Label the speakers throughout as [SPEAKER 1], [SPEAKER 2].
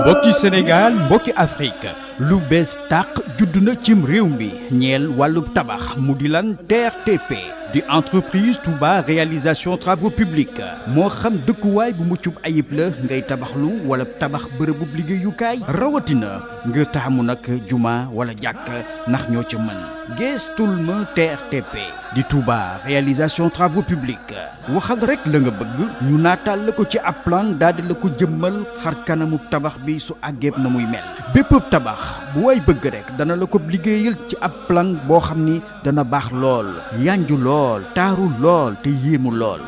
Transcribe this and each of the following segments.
[SPEAKER 1] mbokki Sénégal mbokki Afrique lu bees tàq judd na cim réew mi ñeel wàllub tabax mu di lan TRTP di entreprise Touba réalisation travaux publics moo xam dëkkuwaay bu muccub ayib la ngay tabaxlu wala tabax bërëbub liggéeyukaay rawatina nga taamu nag jumaa wala jàkk ndax ñoo ca mën geestul ma TRTP di Touba réalisation travaux publics waxal rek la nga bëgg ñu naataal la ko ci ab plan daal la ko jëmmal xar kanamu tabax bi su àggeeb na muy mel bépp tabax bu waay bëgg rek dana la ko liggéeyal ci ab plan boo xam ni dana baax lool yanju lool taaru lool te yéemu lool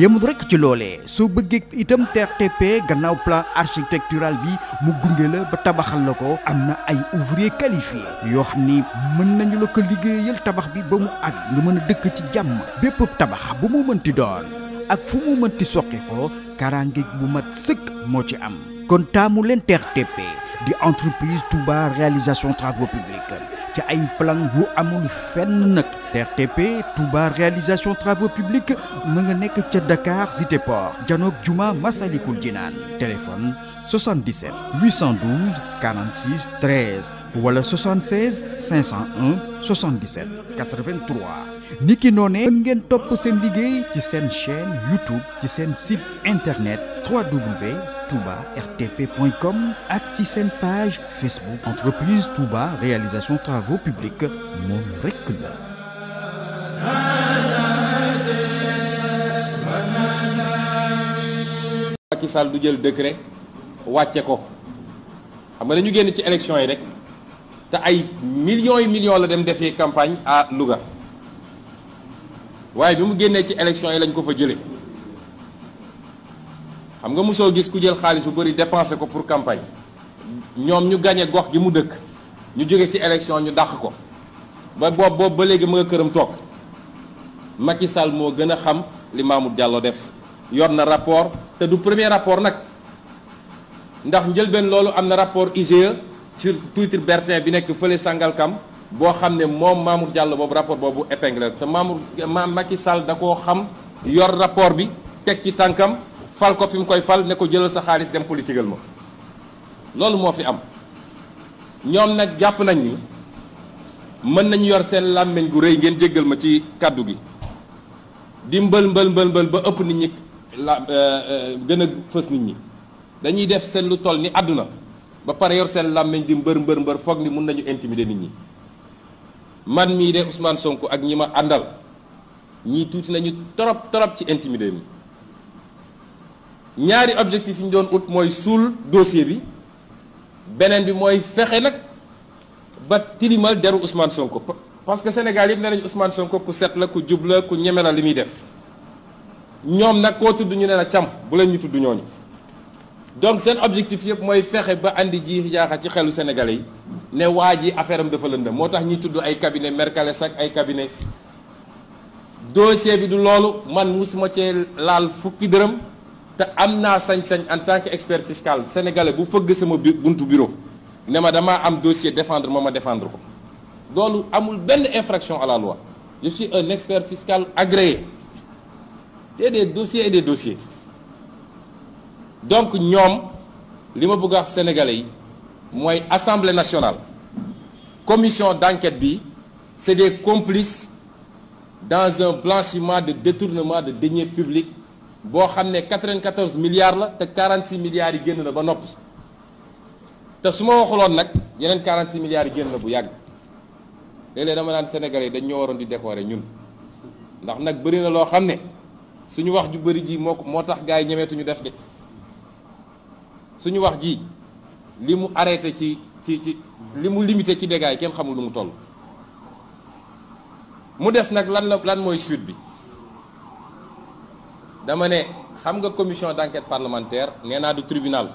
[SPEAKER 1] yemul rek ci loolee soo bëggee itam TRTP gannaaw plan architectural bi mu gunge la ba tabaxal la ko am na ay ouvrier qualifié yoo xam ni mën nañu la ko liggéeyal tabax bi ba mu àgg nga mën a dëkk ci jàmm bépp tabax bu mu mënti doon ak fu mu mënti soqi ko karangeeg bu mat sëkk moo ci am kon mu leen TRTP di entreprise Touba réalisation travaux publics ci ay plan yu amul fenn nag RTP Touba réalisation travaux publics mu nga nekk ca Dakar Cité Port janoog Juma Masalikul Jinaan téléphone 77 812 46 13 wala 76 501 77 83 niki noonee ngeen topp seen liggéey ci seen chaîne YouTube ci seen site internet www.touba-rtp.com ak ci seen page Facebook entreprise Touba réalisation travaux publics moom
[SPEAKER 2] rekk la jël décret wàcce ko xam nga dañu génn ci élection yi rek te ay millions yi millions la dem defee campagne à Louga waaye bi mu génnee ci élection yi lañ ko fa jëlee xam nga mosoo gis ku jël xaalis bu bari dépensé ko pour campagne ñoom ñu gañe gox gi mu dëkk ñu jóge ci élection ñu dàq ko ba boobu boobu ba léegi mu nga këram toog Macky Sall moo gën a xam li Mamour jàlloo def yor na rapport te du premier rapport nag ndax njëlbeen loolu am na rapport IGE sur Twitter Bertin bi nekk fële Sangalkam boo xam ne moom Mamour Diallo boobu rapport boobu épinglé te Mamour Macky Sall da koo xam yor rapport bi teg ci tànkam fal ko fi mu koy fal ne ko jëlal sa xaalis dem politigal ma loolu moo fi am ñoom nag jàpp nañ ni mën nañu yor seen làmmiñ gu rëy ngeen jéggal ma ci kàddu gi di mbël mbël mbël ba ëpp nit ñi la euh, euh, gën a fës nit ñi dañuy def seen lu toll ni àdduna ba pare yor seen làmmiñ di mbër mbër mbër foog ni mun nañu intimider nit ñi man mii de Ousmane Sonko ak ñi ma àndal ñii tuuti nañu torop torop ci intimider mi ñaari objectif yi ñu doon ut mooy suul dossier bi beneen bi mooy fexe nag ba tilimal deru Ousmane Sonko parce que Sénégal yëpp ne nañu Ousmane Sonko ku set la ku jub la ku ñeme na li muy def ñoom nag koo tudd ñu ne na càmm bu leen ñu tudd ñooñu donc seen objectif yëpp mooy fexe ba andi ji jaaxa ci xelu sénégalais yi ne waa ji affaire am dafa lëndëm moo tax ñuy tudd ay cabinet Mercalès ak ay cabinet dossier bi du loolu man musuma cee laal fukki dërëm. te am naa sañ-sañ en tant que expert fiscal sénégalais bu fëgg sama buntu bureau ne ma damaa am dossier défendre ma ma défendre ko loolu amul benn infraction à la loi je suis un expert fiscal agré te des dossiers et des dossiers donc ñoom li ma bëgg a wax yi mooy assemblée nationale commission d'enquête bi c'est des complices dans un blanchiment de détournement de deniers publics boo xam ne 94 milliards la te 46 milliards yi génn na ba noppi te su ma waxuloon nag yeneen 46 milliards yi génn na bu yàgg léeg-léeg dama naan sénégal yi dañ ñoo waroon di décorer ñun ndax nag bëri na loo xam ne suñu wax ju bëri jii moo moo tax gars yi ñemeetuñu def de suñu wax ji li mu arrêté ci ci ci li mu limité ci dégâts yi kenn xamul lu mu toll mu des nag lan la lan mooy suite bi. dama ne xam nga commission d'enquête parlementaire nee naa du tribunal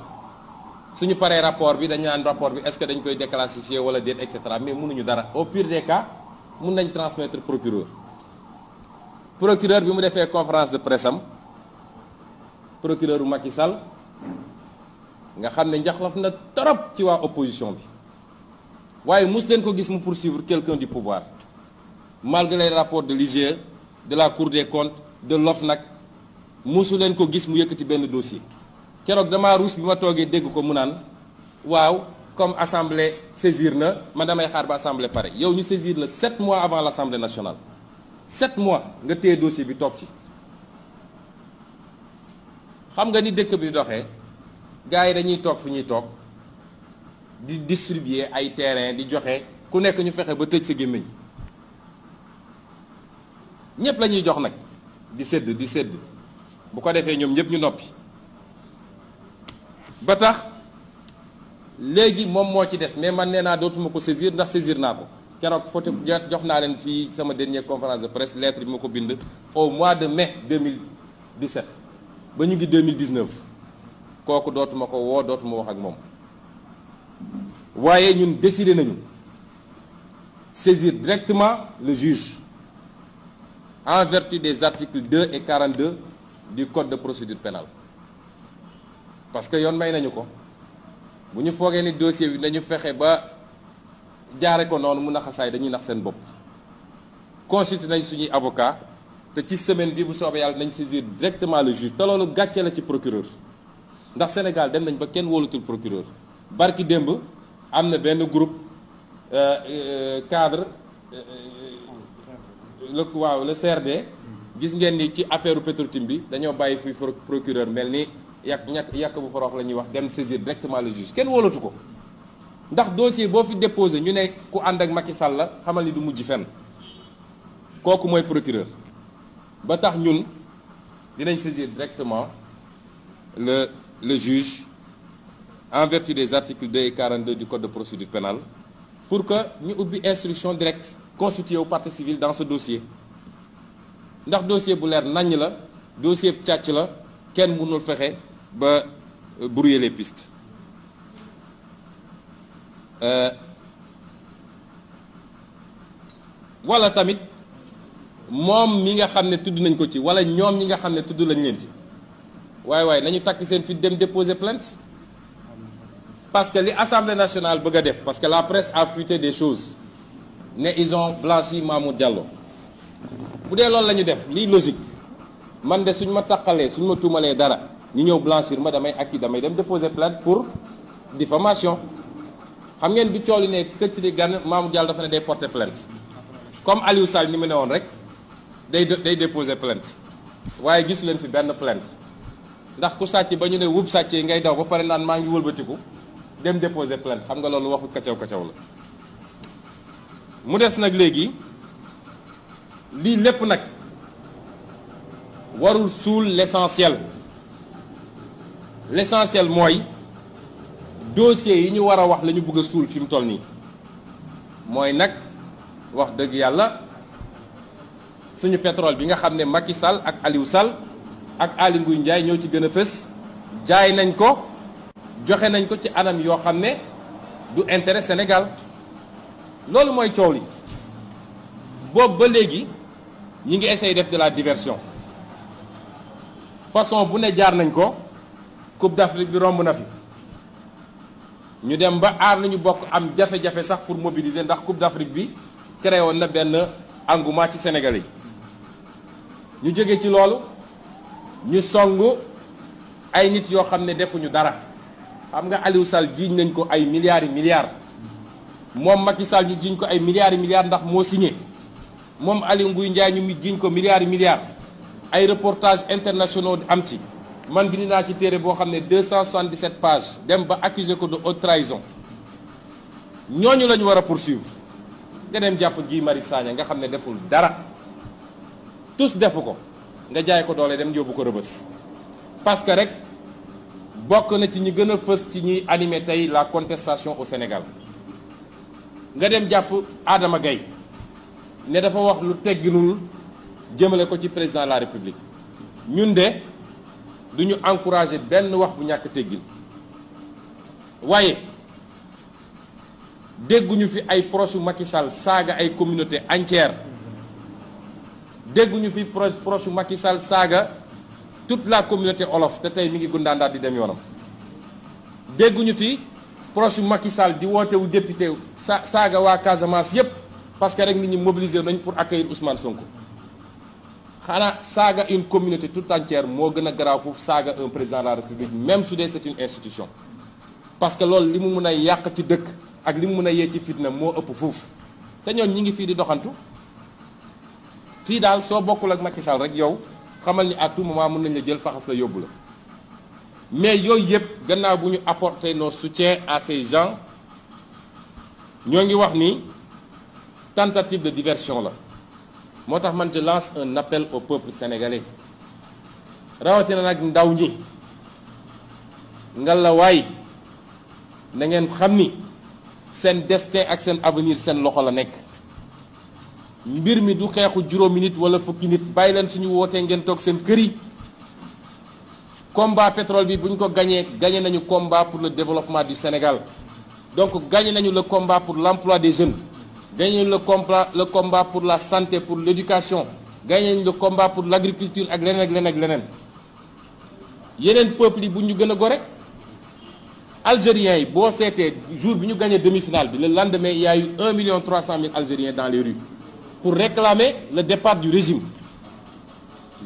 [SPEAKER 2] suñu paree rapport bi dañu naan rapport bi est-ce que dañ koy déclassifier wala déet et cetera mais mënuñu dara au pire des cas mun nañ transmettre procureur procureur bi mu defee conférence de presse am procureur Macky Sall nga xam ne njaxlaf na trop ci waa opposition bi waaye mus leen ko gis mu poursuivre quelqu'un du pouvoir malgré les rapports de l'IGE de la Cour des comptes de l'OFNAC musu leen ko gis mu yëkkati benn dossier keroog damaa ruus bi ma toogee dégg ko mu naan waaw comme assemblée saisir na man damay xaar ba assemblée pare yow ñu saisir la sept mois avant l'assemblée nationale sept mois nga téye dossier bi toog ci xam nga ni dëkk bi doxee gars yi dañuy toog fu ñuy toog di distribuer ay terrain di joxe ku nekk ñu fexe ba tëj sa gémmiñ ñépp la ñuy jox nag di sédd di sedd bu ko defee ñoom ñëpp ñu noppi ba tax léegi moom moo ci des mais man nee naa dootuma ko saisir ndax saisir naa ko keroog photo jox naa leen fii sama dernière conférence de presse lettre bi ma ko bind au mois de mai 2017 ba ñu ngi 2019 kooku dootuma ko woo dootuma wax ak moom waaye ñun décider nañu saisir directement le juge en vertu des articles 2 et 42 di code de procédure pénale parce que yoon may nañu ko bu ñu foogee ni dossier bi nañu fexe ba jaare ko noonu mu naxasaay dañuy nax seen bopp consulté nañ suñuy avocat te ci semaine bi bu soobee yàlla nañu saisir directement le juge te loolu gàcce la ci procureur ndax Sénégal dem nañ ba kenn wóolutul procureur barki démb am na benn groupe euh, euh, cadre euh, le waaw le CRD gis ngeen ni ci affaire petro bi dañoo bàyyi fi procureur mel ni yàq ñàkk yàq bu forox la ñuy wax dem saisir directement le juge kenn wóolatu ko ndax dossier boo fi déposé ñu ne ku ànd ak Macky Sall la xamal ni du mujj fen kooku mooy procureur ba tax ñun dinañ saisir directement le le juge en vertu des articles 2 et 42 du code de procédure pénale pour que ñu ubbi instruction direct constituée au partie civile dans ce dossier ndax dossier bu leer naññ la dossier bu càcc la kenn mënul fexe ba euh, brouiller les pistes euh, wala tamit moom mi nga xam ne tudd nañ ko ci wala ñoom ñi nga xam ne tudd lañ leen ci waaye waaye nañu takk seen fi dem déposer plainte parce que li assemblée nationale bëgg a def parce que la presse a fuité des choses ne ison ont blanchi Mamour Diallo bu dee loolu la ñu def lii logique man de suñ ma taqalee suñ ma tuumalee dara ñu ñëw blanchir ma damay acquis damay dem déposer plainte pour diffamation xam ngeen bi cooli ne këcc di gan Mamour Diallo dafa ne day porter plainte comme Aliou Sall ni mu ne woon rek day day déposer plainte waaye gisu leen fi benn plainte ndax ku sàcc ba ñu ne wub sàccee ngay daw ba pare naan maa ngi wëlbatiku dem déposer plainte xam nga loolu waxu kacaw kacaw la mu des nag léegi lii lépp nag warul suul l'essentiel l'essentiel mooy dossier yi ñu war a wax lañu bëgg suul fi mu toll nii mooy nag wax dëgg yàlla suñu pétrole bi nga xam ne Macky Sall ak Aliou sal ak Aly Ngouille njaay ñëw ci gën fës jaay nañ ko joxe nañ ko ci anam yoo xam ne du intere senegal loolu mooy coow li boobu ba léegi ñi ngi essayer def de la diversion façon bu ne jaar nañ ko Coupe d'Afrique bi romb na fi ñu dem ba aar nañu bokk am jafe-jafe sax pour mobiliser ndax Coupe d'Afrique bi créé woon na benn engouement ci Sénégalais yi ñu jóge ci loolu ñu song ay nit yoo xam ne defuñu dara xam nga Aliou Sall jiiñ nañ ko ay milliards yi milliards moom Macky sal ñu jiiñ ko ay milliards yi milliards ndax moo signé moom Aliou Nguy Ndiaye ñu giiñ ko milliards milliards ay reportages internationaux am ci man bind naa ci téere boo xam ne 277 pages dem ba accuser ko de haute trahison ñooñu la ñu war a poursuivre nga dem jàpp Guy Marius Sagna nga xam ne deful dara tous defu ko nga jaay ko doole dem yóbbu ko rëbës parce que rek bokk na ci ñi gën a fës ci ñuy animer tey la contestation au Sénégal nga dem jàpp aadama Gaye ne dafa wax lu tegginul jëmale ko ci président la république ñun de du ñu encouragé benn wax bu ñàkk teggin waaye dégguñu fi ay proche u Macky Sall saaga ay communauté entière dégguñu fi proche u Macky Sall saaga toute la communauté olof te tey mi ngi gundaandaat di dem yoonam dégguñu fi proche u Macky Sall di woote wu député saaga waa Casamance yépp parce que rek nit ñi mobiliser nañ pour accueillir Ousmane Sonko xanaa saaga une communauté tout entière moo gën a garaaw foofu saaga un président la république même su dee c'est une institution parce que loolu li mu mun a yàq ci dëkk ak li mu mun a yee ci fitna moo ëpp foofu te ñoon ñi ngi fii di doxantu fii daal soo bokkul ak Macky Sall rek yow xamal ni à tout moment mun nañ la jël faxas la yóbbu la mais yooyu yëpp gannaaw bu ñu apporter nos soutiens à ces gens ñoo ngi wax ni tentative de diversion la moo tax man je lance un appel au peuple sénégalais rawatina nag ndaw ñi ngalla waay na ngeen xam ni seen destin ak seen avenir seen loxo la nekk mbir mi du xeexu juróomi nit wala fukki nit bàyyi leen suñu wootee ngeen toog seen kër yi combat pétrole bi bu ñu ko gañee gañe nañu combat pour le développement du Sénégal donc gañe nañu le combat pour l'emploi des jeunes gagné le combat le combat pour la santé pour l'éducation gagné la combat pour l'agriculture ak leneen ak leneen ak yeneen peuples yi bu ñu gën a gore algériens yi boo seetee jour bi ñu gagné demi-finale bi le lendemain il y a eu 1 million 300 mille algériens dans les rues pour réclamer le départ du régime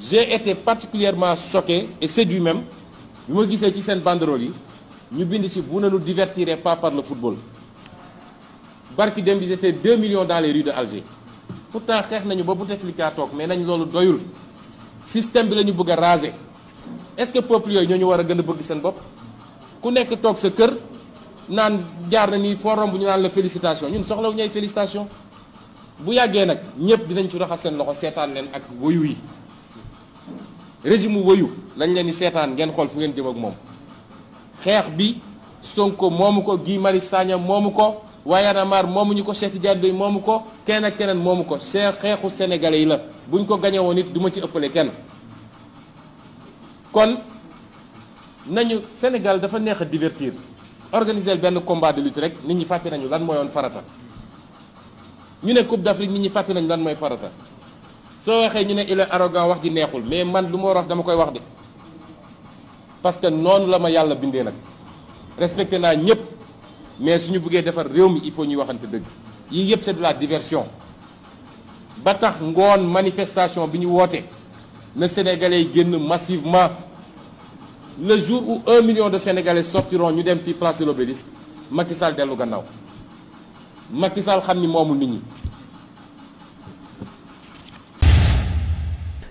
[SPEAKER 2] j'ai été particulièrement choqué et séduit même bi ma gisee ci seen banderole yi ñu bind ci vous ne nous divertirez pas par le football barki dem bi c'était 2 millions dans les rues de Alger pourtant xeex nañu ba Bouteflika toog mais nañ loolu doyul système bi la bëgg a raser est-ce que peuple yooyu ñoo ñu war a gën a bëgg seen bopp ku nekk toog sa kër naan jaar na ni forum bu ñu naan la félicitation ñun soxlawu ñooy félicitation bu yàggee nag ñëpp dinañ ci raxas seen loxo seetaan leen ak woyu yi régime woyu lañ leen di seetaan ngeen xool fu ngeen jëm ak moom xeex bi Sonko moomu ko Guy Marius Sagna moomu ko waaye moomu ñu ko Cheikh Tidiane Doy moomu ko kenn ak keneen moomu ko Cheikh xeexu sénégalais yi la buñ ko gañewoon it du ma ci ëppale kenn kon nañu senegal dafa neex a divertir organiser benn combat de lutte rek nit ñi fàtte nañu lan mooyoon farata ñu ne Coupe d'Afrique nit ñi fàtte nañu lan mooy farata soo waxee ñu ne il est arrogant wax ji neexul mais man lu ma war dama koy wax de parce que noonu la ma yàlla bindee nag respecté naa ñëpp. mais suñu buggee defar réew mi il faut ñuy waxante dëgg yii yëpp c'est de la diversion ba tax ngoon manifestation bi ñu woote na sénégalais yi génn massivement le jour où un million de sénégalais sortiront ñu dem ci place de l'Obélisque Macky Sall dellu gannaaw Macky Sall xam ni moomul nit ñi